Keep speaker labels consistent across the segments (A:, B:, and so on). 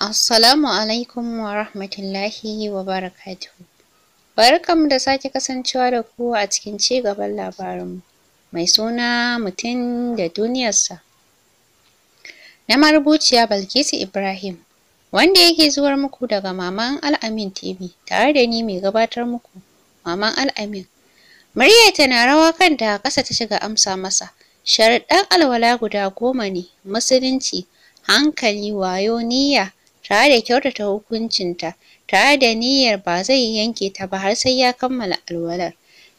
A: Assalamu alaikum wa rahmatullahi wa barakatuhu. Barkanmu da sake kasancewa da ku a cikin ci gaban labarinmu mai suna mutum da duniyarsa. Na marubuciya Balkisu Ibrahim, wanda yake zuwar muku daga Maman Al'amin TV tare da ni mai gabatar muku, Maman Al'amin. Muryarta tana rawa kanta ƙasa ta shiga amsa masa, sharaɗan alwala guda goma ne, musulunci, hankali, wayo, niyya. tare da kyautata hukuncinta tare da niyyar ba zai yanke ta ba har sai ya kammala alwalar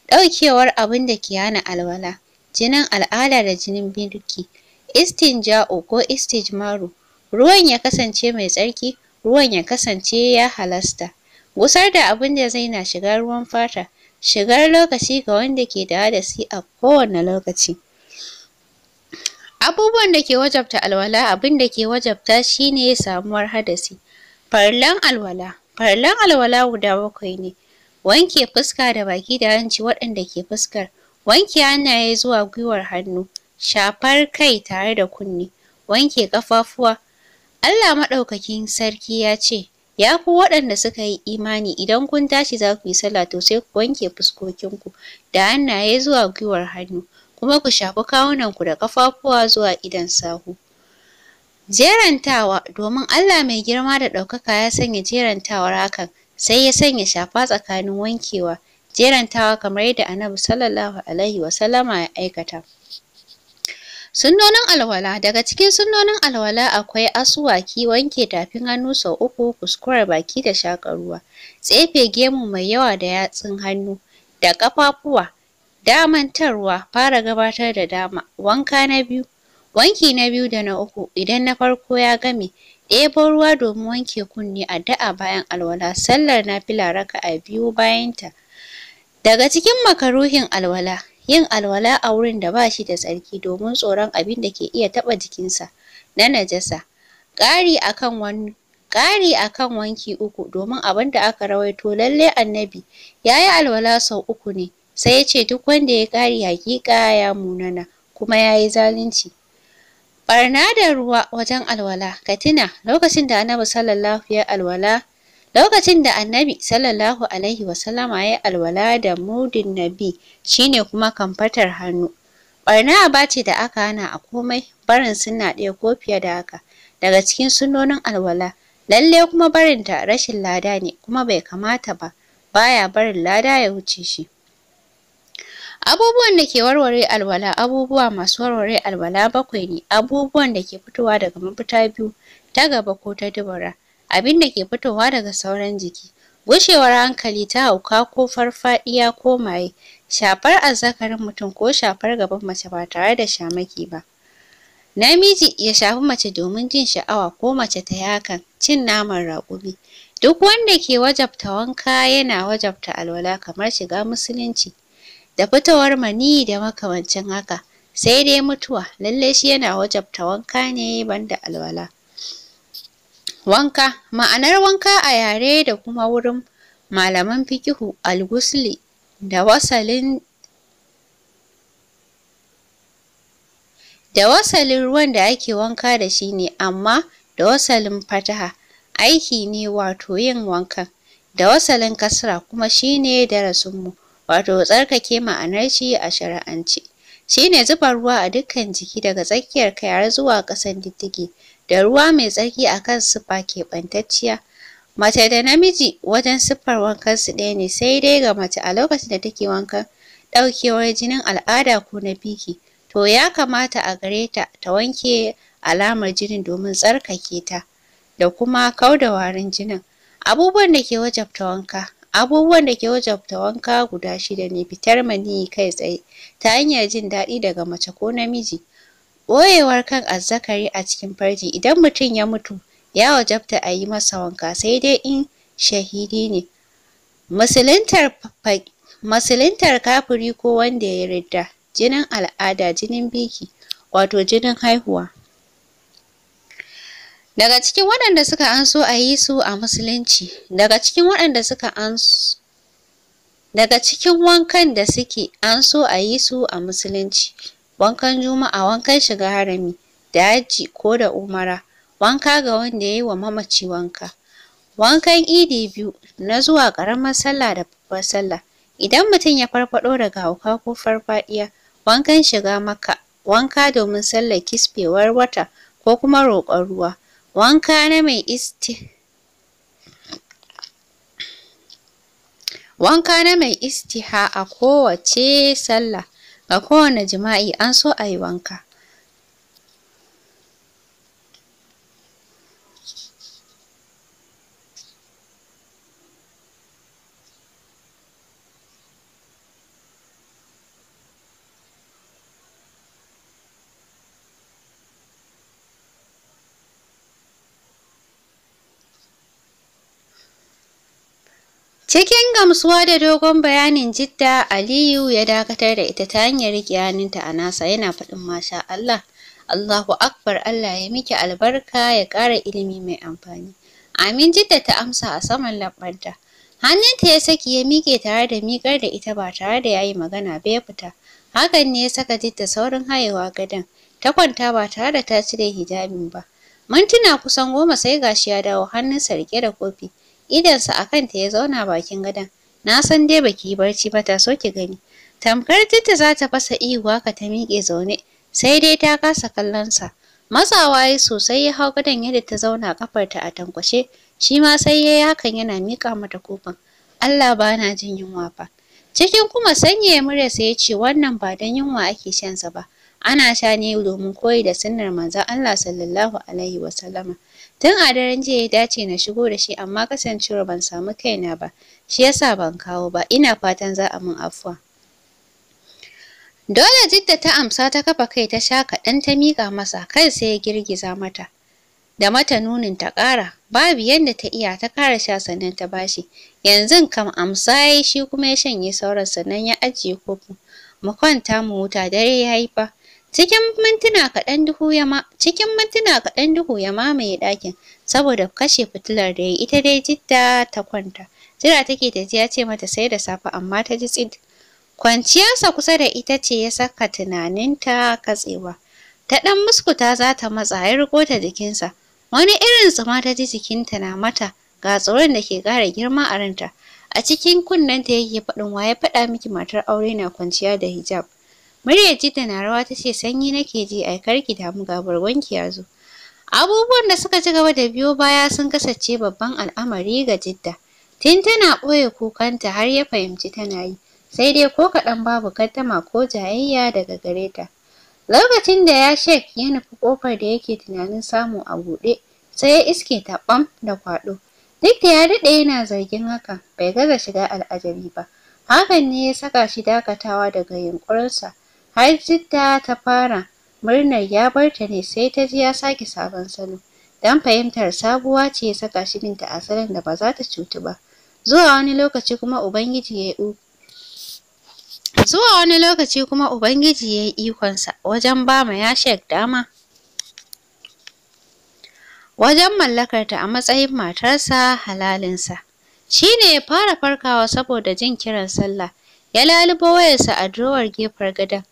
A: ɗaukewar abin da ke hana alwala jinin al'ada da jinin birki istinja'u ko istijmaru ruwan ya kasance mai tsarki ruwan ya kasance ya halasta gusar da abin da zai na shiga ruwan fata shigar lokaci ga wanda ke da hadasi a kowane lokaci Abubuwan da ke wajabta alwala abin da ke wajabta shine samuwar hadasi. Farlan alwala. Farlan alwala guda bakwai ne. Wanke fuska da baki da hanci waɗanda ke fuskar. Wanke hannaye zuwa gwiwar hannu. Shafar kai tare da kunne. Wanke ƙafafuwa. Allah maɗaukakin sarki ya ce, Ya ku waɗanda suka yi imani idan kun tashi za ku yi sallah to sai ku wanke fuskokinku da hannaye zuwa gwiwar hannu. kuma ku shafi kawunanku da ƙafafuwa zuwa idan sahu. Jerantawa domin Allah mai girma da ɗaukaka ya sanya jerantawar hakan sai ya sanya shafa tsakanin wankewa jerantawa kamar yadda Annabi sallallahu alaihi sallama ya aikata. Sunnonin alwala daga cikin sunnonin alwala akwai asuwaki wanke tafin hannu sau uku kuskurar baki da shakaruwa tsefe gemu mai yawa da yatsun hannu da ƙafafuwa damantarwa fara gabatar da dama wanka na biyu wanki na biyu da na uku idan na farko ya game ɗebo ruwa domin wanke kunne addu'a bayan alwala sallar na nafila a biyu bayanta daga cikin makaruhin alwala yin alwala a wurin da ba shi da tsarki domin tsoron abin da ke iya taɓa jikinsa na najasa ƙari akan wani ƙari akan wanki uku domin abin da aka rawaito lallai annabi ya yi alwala sau uku ne sai ya ce duk wanda ya ƙari haƙiƙa ya munana kuma ya yi zalunci barna da ruwa wajen alwala ka tuna lokacin da annabi sallallahu ya alwala lokacin da annabi sallallahu alaihi wasallama ya alwala da mudin nabi shine kuma kamfatar hannu barna ba ce da aka hana a komai barin suna ɗaya ko fiye da haka daga cikin sunonin alwala lalle kuma barinta rashin lada ne kuma bai kamata ba baya barin lada ya wuce shi Abubuwan da ke warware alwala abubuwa masu warware alwala bakwai ne abubuwan da ke fitowa daga mafita biyu ta gaba ko ta dubara. abin da ke fitowa daga sauran jiki gushewar hankali ta hauka ko farfaɗiya ko maye shafar azzakarin mutum ko shafar gaban mace ba tare da shamaki ba namiji ya shafi mace domin jin sha'awa ko mace ta yi hakan cin naman raƙumi duk wanda ke wajabta wanka yana wajabta alwala kamar shiga musulunci da fitowar mani da makamancin haka sai dai mutuwa lallai shi yana wajabta wanka ne banda alwala wanka ma'anar wanka a yare da kuma wurin malaman fikihu algusli da wasalin da wasalin ruwan da ake wanka da shi ne amma da wasalin fataha aiki ne wato yin wanka da wasalin kasra kuma shine darasinmu wato tsarkake ma'anar shi a shari'ance shine zuba ruwa a dukkan jiki daga tsakiyar kai har zuwa ƙasan diddige da ruwa mai tsarki akan siffa keɓantacciya mace da namiji wajen siffar wankan su ɗaya ne sai dai ga mace a lokacin da take wankan ɗaukewar jinin al'ada ko na biki to ya kamata a gare ta ta wanke alamar jinin domin tsarkake ta da kuma kauda warin jinin abubuwan da ke wajabta wanka Abubuwan da ke wajabta wanka guda shida ne fitar maniyyi kai tsaye ta hanyar jin daɗi daga mace ko namiji. Ɓoyewar kan azzakari a cikin farji idan mutum ya mutu ya wajabta a yi masa wanka sai dai in shahidi ne. Musuluntar kafiri ko wanda ya yi jinin al'ada, jinin biki, wato jinin haihuwa. daga cikin waɗanda suka anso a yi su a musulunci daga cikin waɗanda suka anso daga cikin wankan da suke anso a yi su a musulunci wankan juma'a wankan shiga harami da hajji ko da umara wanka ga wanda ya yi wa mamaci wanka wankan idi biyu na zuwa ƙaramar sallah da babbar sallah idan mutum ya farfaɗo daga hauka ko farfaɗiya wankan shiga maka wanka domin sallar kisbewar wata ko kuma roƙon ruwa wanka na mai isti wanka istiha a kowace sallah ga kowane jima'i an so a yi wanka Cikin gamsuwa da dogon bayanin Jidda, Aliyu ya dakatar da ita ta hanyar riƙe hannunta a nasa yana faɗin masha Allah. Allahu Akbar Allah ya miki albarka ya ƙara ilimi mai amfani. Amin Jidda ta amsa a saman labbanta. Hannunta ya saki ya miƙe tare da miƙar da ita ba tare da ya magana ba ya fita. Hakan ne ya saka Jidda saurin hayewa gadon. Ta kwanta ba tare da ta cire hijabin ba. Mintuna kusan goma sai gashi ya dawo hannunsa riƙe da kofi. idarsa a kanta ya zauna bakin gadon na san dai baki yi barci ba ta so ki gani tamkar titta za ta fasa ihu haka ta miƙe zaune sai dai ta kasa kallonsa matsawa ya sosai ya hau gadon yadda ta zauna kafarta a tankwashe shi ma sai ya yi hakan yana miƙa mata kofin Allah ba na jin yunwa fa cikin kuma sanya ya murya sai ya ce wannan ba don yunwa ake shansa ba ana sha ne domin koyi da sunnar manzon Allah sallallahu alaihi wasallama Tun a daren jiya ya dace na shigo da shi amma kasancewar ban samu kaina ba, shi yasa ban kawo ba, ina fatan za a min afuwa. Dole Jidda ta amsa ta kafa kai ta sha kaɗan ta miƙa masa kai sai ya girgiza mata. Da mata nunin ta ƙara, babu yadda ta iya ta ƙara sha sannan ta bashi. Yanzu kam amsa ya yi shi kuma ya shanye sauran sannan ya ajiye kofin. Mu kwanta mu huta dare ya yi Cikin mintuna kaɗan duhu ya ma cikin mintuna kaɗan duhu ya mamaye ɗakin saboda kashe fitilar da ya ita dai jidda ta kwanta. Jira take ta ji ya ce mata sai da safe amma ta ji tsid. Kwanciyarsa kusa da ita ce ya saka tunaninta katsewa. Ta ɗan muskuta za ta matsa ya riko ta jikinsa. Wani irin tsuma ta ji jikinta na mata ga tsoron da ke ƙara girma a ranta. A cikin kunnenta yake faɗin wa ya faɗa miki matar aure na kwanciya da hijab. Muryar Jidda na rawa ta ce sanyi nake ji ai ki damu ga barwanki ya zo. Abubuwan da suka ci gaba da biyo baya sun kasance babban al'amari ga Jidda. Tun tana ɓoye kukanta har ya fahimci tana yi, sai dai ko kaɗan babu kaddama ko jayayya daga gare ta. Lokacin da ya shek ya nufi ƙofar da yake tunanin samu a buɗe, sai ya iske ta ɓam da kwaɗo. Duk da ya daɗe yana zargin hakan, bai gaza shiga al'ajabi ba. Hakan ne ya saka shi dakatawa daga yunƙurinsa. har jidda ta fara murnar ya bar ta ne sai ta ji ya sake sabon salo dan fahimtar sabuwa ce ya saka shi binta a salon da ba za ta cutu ba zuwa wani lokaci kuma ubangiji ya yi ikonsa wajen ba ma yashek dama wajen mallakarta a matsayin matarsa halalinsa shi ne ya fara farkawa saboda jin kiran sallah ya lalubo wayarsa a durowar gefen gadon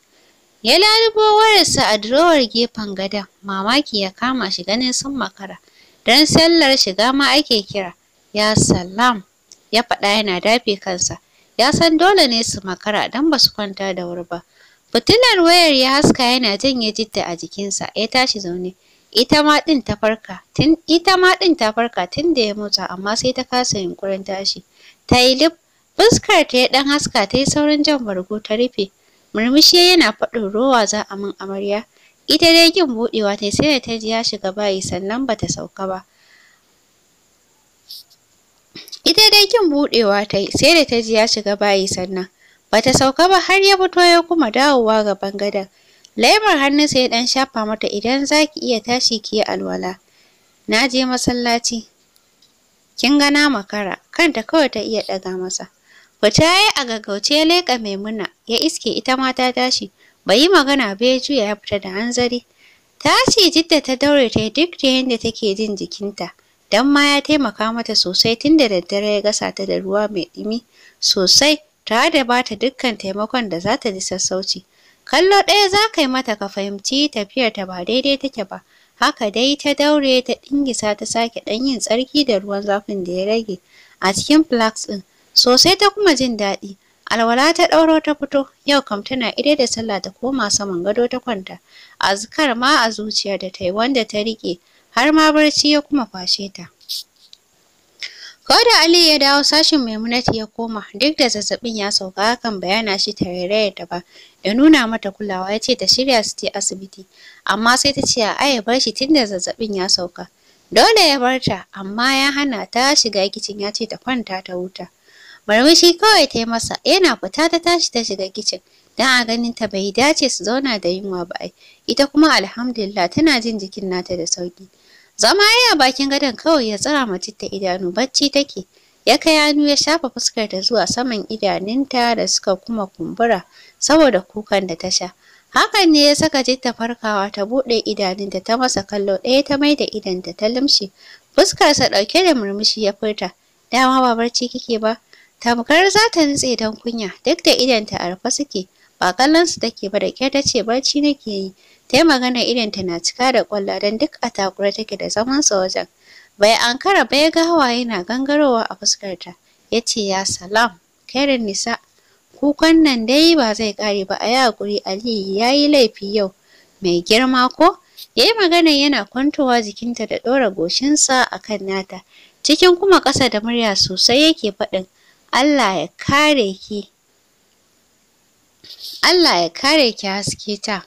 A: ya lalubo wayarsa a durowar gefen gadon mamaki ya kama shi ganin sun makara dan sallar shiga ma ake kira ya salam ya faɗa yana dafe kansa ya san dole ne su makara dan ba su kwanta da wuri ba fitilar wayar ya haska yana janye jidda a jikinsa ya tashi zaune ita ma din ta farka tun ita ma din ta farka tun da ya motsa amma sai ta kasa yunƙurin tashi ta yi lif fuskar ta ya dan haska ta yi saurin jan bargo ta rufe murmushi yana faɗin rowa za a min amarya ita dai kin buɗewa ta sai da ta ji ya shiga bayi sannan bata sauka ba ita dai kin buɗewa ta sai ta ji ya shiga bayi sannan bata sauka ba har ya fito ya kuma dawowa gaban gadon laimar hannu sai ɗan shafa mata idan za ki iya tashi ki yi alwala na je masallaci kin ga na makara kanta kawai ta iya ɗaga masa Wace ya yi a gaggauce ya leƙa Maimuna ya iske ita ma ta tashi bai yi magana ba ya juya ya fita da hanzari. Ta ce jidda ta daure ta duk da yadda take jin jikinta don ma ya taimaka mata sosai tun da daddare ya gasa ta da ruwa mai ɗumi sosai tare da ba ta dukkan taimakon da za ta ji sassauci. Kallo ɗaya za ka yi mata ka fahimci tafiyar ta ba daidai take ba. Haka dai ta daure ta ɗingisa ta sake ɗan yin tsarki da ruwan zafin da ya rage a cikin flask ɗin. sosai ta kuma jin daɗi alwala ta ɗauro ta fito yau kam tana ire da sallah ta koma saman gado ta kwanta azkar ma a zuciya da ta yi wanda ta riƙe har ma barci ya kuma kwashe ta ko da Ali ya dawo sashin Maimunatu ya koma duk da zazzabin ya sauka hakan bayana shi ta da ba ya nuna mata kulawa ya ce ta shirya su je asibiti amma sai ta ce a aya bar shi tun da zazzabin ya sauka dole ya bar ta amma ya hana ta shiga kicin ya ce ta kwanta ta huta Marmishi kawai ta yi masa yana fita ta tashi ta shiga kicin. don a ganin ta bai dace su zauna da yunwa ba ai. Ita kuma alhamdulillah tana jin jikin nata da sauki. Zama a bakin gadon kawai ya tsara ma ta idanu bacci take. Ya kai hannu ya shafa fuskar ta zuwa saman idanunta da suka kuma kumbura saboda kukan da ta sha. Hakan ne ya saka Jitta farkawa ta buɗe idanunta ta masa kallo ɗaya ta maida idanta ta limshe. Fuskarsa ɗauke da murmushi ya furta. Dama ba barci kike ba, tabkar za ta nutse don kunya duk da idanta a rufe suke ba kallon su take ba da ke ta ce barci nake yi ta yi magana idanta na cika da kwalla don duk a takura take da zaman sa wajen bai ankara ba ya ga hawaye na gangarowa a fuskarta ya ce ya salam kairin nisa kukan nan dai ba zai kare ba a yi hakuri aliyu ya yi laifi yau mai girma ko ya yi magana yana kwantowa jikinta da ɗora goshinsa a kan nata cikin kuma ƙasa da murya sosai yake faɗin Allah ya kare ki Allah ya kare ki haske ta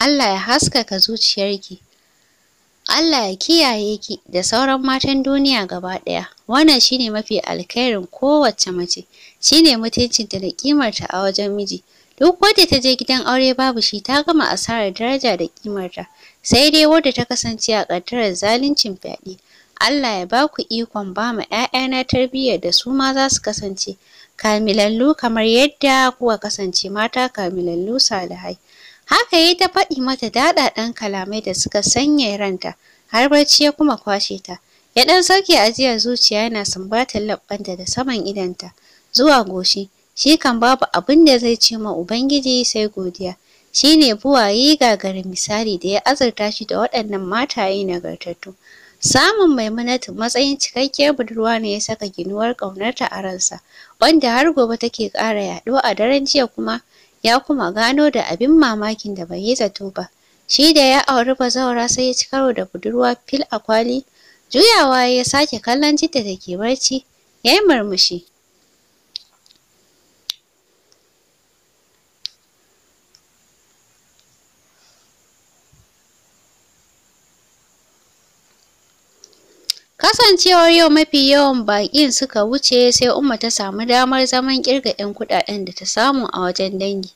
A: Allah ya haskaka zuciyarki Allah ya kiyaye ki da sauran matan duniya gaba ɗaya. Wannan shine mafi alkhairin kowace mace. Shine mutuncinta da kimarta a wajen miji. Duk wadda ta je gidan aure babu shi ta gama asarar daraja da kimarta. Sai dai wadda ta kasance a ƙaddarar zaluncin fyaɗe. Allah ya ba ku ikon ba ma ‘ya'yana tarbiyyar da su ma za su kasance kamilallu kamar yadda kuka kasance mata kamilallu salihai. Haka yi ta faɗi mata daɗaɗɗen kalamai da suka sanya ranta, har barci ya kuma kwashe ta. Ya ɗan sauke ajiyar zuciya yana sumbatar labbanta da saman idanta, zuwa goshi, shi kan babu abin da zai ce ma Ubangiji sai godiya. Shi ne buwaye gagarin misali da ya azurta shi da waɗannan mataye nagartattu. Samun Maimunatu matsayin cikakkiyar budurwa ne ya saka ginuwar ƙaunarta a ransa, wanda har gobe take ƙara yaɗuwa a daren jiya kuma ya kuma gano da abin mamakin da bai yi zato ba. Shi da ya auri bazawara sai ya ci karo da budurwa fil a kwali, juyawa ya sake kallon jidda da ke barci, ya yi murmushi. Kasancewar yau mafi yawan baƙin suka wuce sai Umma ta samu damar zaman kirga 'yan kuɗaɗen da ta samu a wajen dangi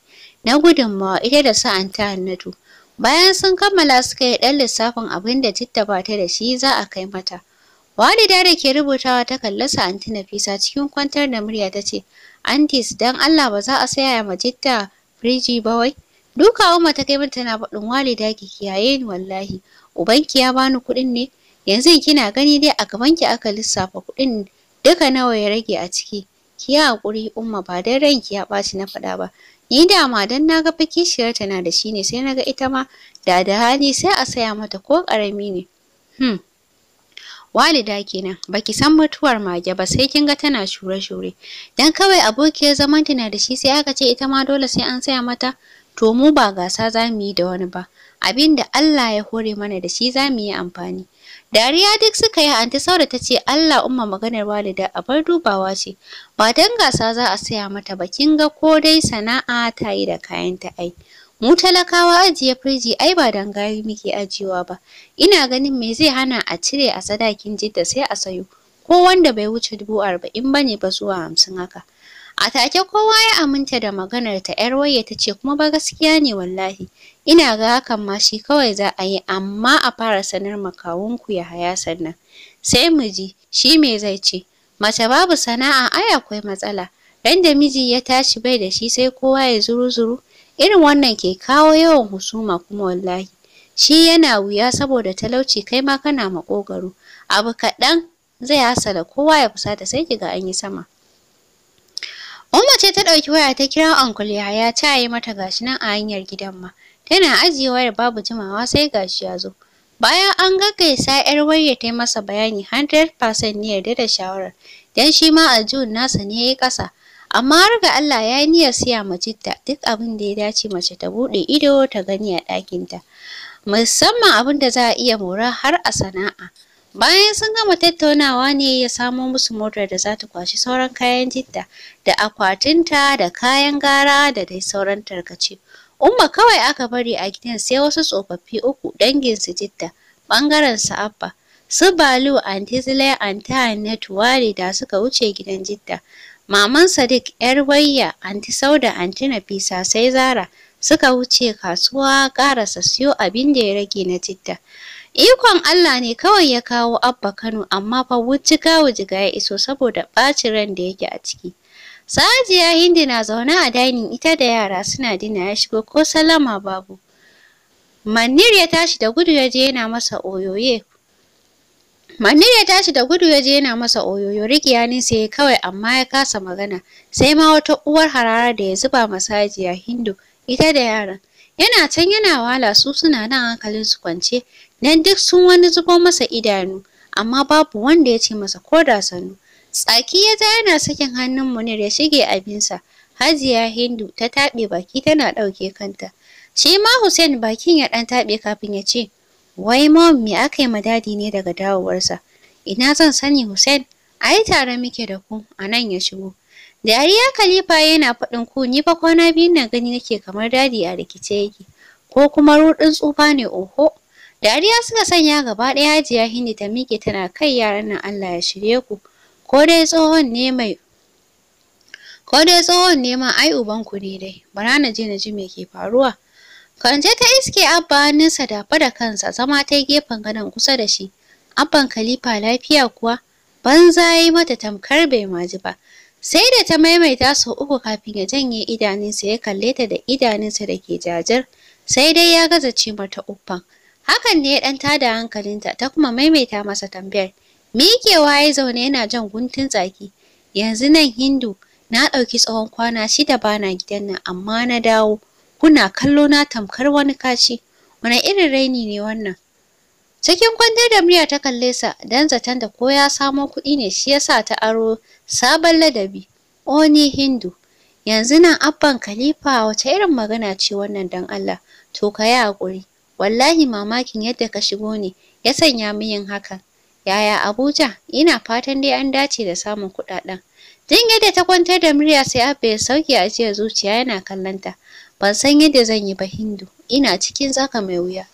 A: na gudunmawa ita da su Anta Hannatu. Bayan sun kammala suka yi ɗan lissafin abin da Titta ba ta da shi za a kai mata. Walida da ke rubutawa ta kalla su Nafisa cikin kwantar da murya ta ce, Antis dan Allah ba za a saya ma Titta firiji ba wai. Duka Umma ta kai mata tana faɗin walida ki kiyaye ni wallahi. Ubanki ya bani kuɗin ne yanzu kina gani dai a gabanki aka lissafa kuɗin duka nawa ya rage a ciki ki yi haƙuri umma ba dan ranki ya ɓaci na faɗa ba ni dama dan na ga fa kishiyarta na da shi ne sai na ga ita ma da da hali sai a saya mata ko ƙarami ne hmm walida kenan baki san mutuwar mage ba sai kinga tana shure-shure dan kawai abokiyar zaman tana da shi sai aka ce ita ma dole sai an saya mata to mu ba gasa za mu yi da wani ba Abinda Allah ya hore mana da shi za mu yi amfani Dariya duk suka yi anti saura ta ce Allah umma maganar walida abar dubawa ce ba dan gasa za a saya mata ba kin ga ko dai sana'a ta yi da kayan ta ai mu talakawa ajiye firiji ai ba dan gari muke ajiyewa ba ina ganin me zai hana a cire a sadakin jidda sai a sayo ko wanda bai wuce dubu arba'in bane ba zuwa hamsin haka a take kowa ya aminta da maganar ta yar waye ta ce kuma ba gaskiya ne wallahi Ina ga hakan ma shi kawai za a yi amma a fara sanar ma ya haya sannan. Sai mu ji shi me zai ce. Mace babu sana'a ai akwai matsala. Randa da miji ya tashi bai da shi sai kowa ya zuru-zuru. Irin wannan ke kawo yawan husuma kuma wallahi. Shi yana wuya saboda talauci kai ma kana makogaro. Abu kaɗan zai hasala kowa ya fusata sai kiga an yi sama. Umma ce ta ɗauki waya ta kira Uncle Yahaya ta yi mata gashi nan a hanyar gidan ma. Tana ajiyewa wayar babu jimawa sai gashi ya zo. Bayan an gaggaisa ‘yar wayar ta yi masa bayani 100% ne yarda da shawarar, don shi ma aljihun nasa ne yayi yi ƙasa. Amma har ga Allah ya yi niyyar siya ma Jidda duk abin da ya dace mace ta buɗe ido ta gani a ɗakinta, musamman abin da za a iya mora har a sana'a. Bayan sun gama tattaunawa ne ya samo musu motar da za ta kwashi sauran kayan jitta, da akwatinta da kayan gara da dai sauran tarkace. Umma kawai aka bari a gidan sai wasu tsofaffi uku dangin su Jidda, bangaren su Abba. Su Balu, Anti Zile, Anti Wale da suka wuce gidan Jidda. Maman Sadiq, ‘yar wayya, Anti Sauda, Anti Nafisa sai Zara suka wuce kasuwa karasa siyo abin da ya rage na Jidda. Ikon Allah ne kawai ya kawo Abba Kano amma fa wujjiga wujjiga ya iso saboda ɓacin ran da yake a ciki. Sajiya Hindi na zaune a dainin ita da yara suna dina ya shigo ko salama babu. Manir ya tashi da gudu ya je yana masa oyoye. Manir ya tashi da gudu ya je yana masa oyoyo rikiya ne ya kawai amma ya kasa magana sai ma wata uwar harara da ya zuba masajiya Hindu ita da yara. Yana can yana wala su suna nan hankalin su kwance nan duk sun wani zubo masa idanu amma babu wanda ya ce masa ko da sanu. Tsaki ya yana sakin hannun Munir ya shige abinsa. Hajiya Hindu ta taɓe baki tana ɗauke kanta. Shi ma Hussein bakin ya ɗan taɓe kafin ya ce, Wai mom me aka yi ma dadi ne daga dawowarsa? Ina zan sani Hussein? Ai tare muke da ku, a nan ya shigo. Dariya Khalifa yana faɗin ku ni fa kwana biyu na gani nake kamar dadi a rikice yake. Ko kuma ruɗin tsufa ne oho. Dariya suka sanya gaba ɗaya Hajiya Hindu ta miƙe tana kai yaran nan Allah ya shirye ku. ko dai tsohon ne mai neman ai ubanku ne dai bara na je na ji me ke faruwa kanje ta iske abba hannunsa dafa da kansa zama ta gefen gadon kusa da shi abban kalifa lafiya kuwa banza yayi mata tamkar bai maji ba sai da ta maimaita sau uku kafin ya janye idanunsa ya kalle ta da idanunsa da ke jajar sai dai ya gaza ce mata uffan hakan ne ya ɗan tada hankalinta ta kuma maimaita masa tambayar Mikewa ya zaune yana jan guntun tsaki. Yanzu nan Hindu na ɗauki tsawon kwana shida bana gidan nan amma na dawo. Kuna kallo na tamkar wani kashi. Wani irin raini ne wannan? Cikin kwandar da murya ta kalle sa don zaton da ko ya samo kuɗi ne shi yasa ta aro sabon ladabi. Oni Hindu. Yanzu nan abban Khalifa wace irin magana ce wannan dan Allah? To ka yi haƙuri. Wallahi mamakin yadda ka shigo ne ya sanya mu yin hakan. Yaya Abuja? Ina fatan dai an dace da samun kuɗaɗen. Jin yadda ta kwantar da murya sai Abba ya sauke a jiya zuciya yana kallonta. Ban san yadda zan yi ba Hindu. Ina cikin tsaka mai wuya.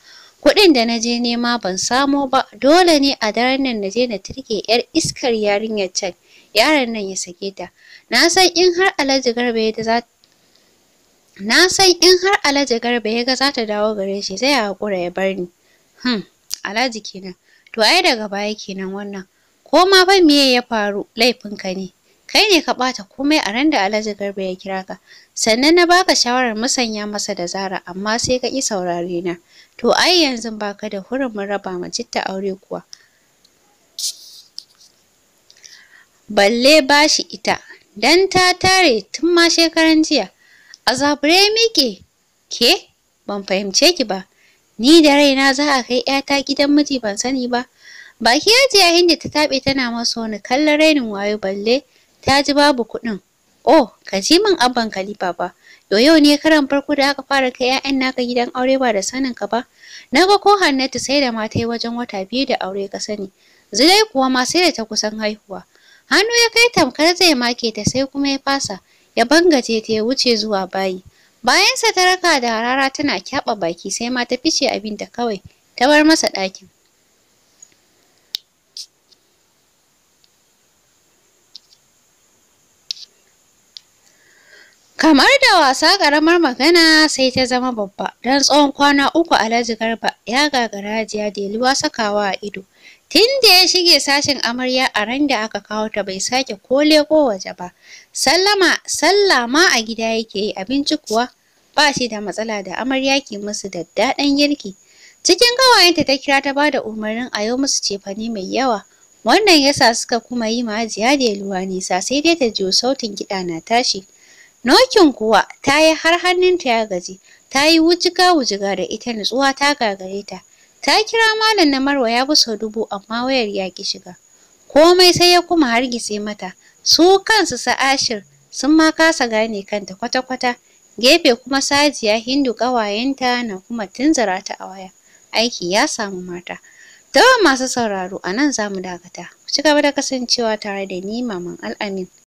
A: Kuɗin da na je nema ban samo ba. Dole ne a daren nan na je na turke 'yar iskar yarinyar can. Yaron nan ya sake ta. Na san in har Alhaji Garba ya za Na san in har Alhaji Garba ya ga za ta dawo gare shi zai haƙura ya bar ni. Hmm, Alhaji kenan. to ai daga baya kenan wannan ko ma fa miye ya faru laifinka ne kai ne ka ɓata komai a ran da Alhaji Garba ya kira ka sannan na baka shawarar musanya masa da Zara amma sai ka ƙi saurare na to ai yanzu baka da hurumin raba ma Jitta aure kuwa balle bashi ita dan ta tare tun ma shekaran jiya a zabure ke ban fahimce ki ba Ni da raina za a kai ‘yata gidan miji ban sani ba. Baki yayin da ta taɓe tana masa wani kallon rainin wayo balle ta ji babu kuɗin. Oh, ka ji min abban Khalifa ba. yo yau ne karan farko da aka fara kai 'ya'yan naka gidan aure ba da sanin ka ba. Na ga ko Hannatu sai da mata yi wajen wata biyu da aure ka sani. Zulai kuwa ma sai da ta kusan haihuwa. Hannu ya kai tamkar zai make ta sai kuma ya fasa. Ya bangaje ta ya wuce zuwa bayi. Bayansa ta raka da harara tana kyaɓa baki sai ma ta fice abinta kawai ta bar masa ɗakin. Kamar da wasa ƙaramar magana sai ta zama babba, don tsawon kwana uku Alhaji Garba ya gagara jiya deluwa sakawa a ido. Tun da ya shige sashen amarya a ran da aka kawo ta bai sake ko leko waje ba. Sallama, sallama a gida yake yi abinci kuwa ba shi da matsala da amarya ke musu daddaɗan girki. Cikin ƙawayenta ta kira ta bada umarnin a yi musu cefane mai yawa. Wannan yasa suka kuma yi ma Hajiya Deluwa nisa sai dai ta jiyo sautin kiɗa na tashi. Nokin kuwa ta yi har hannunta ya gaji, ta yi wujiga-wujiga da ita nutsuwa ta gagare ta. Ta kira malam na Marwa ya bi sau dubu amma wayar ya ki shiga. Komai sai ya kuma hargitse mata. Su kansu sa'ashir sun ma kasa gane kanta kwata-kwata. Gefe kuma sajiya Hindu ƙawayenta na kuma tunzara ta a waya. Aiki ya samu mata. tawa masu sauraro a nan za mu dakata. Ku ci gaba da kasancewa tare da ni Maman Al'amin.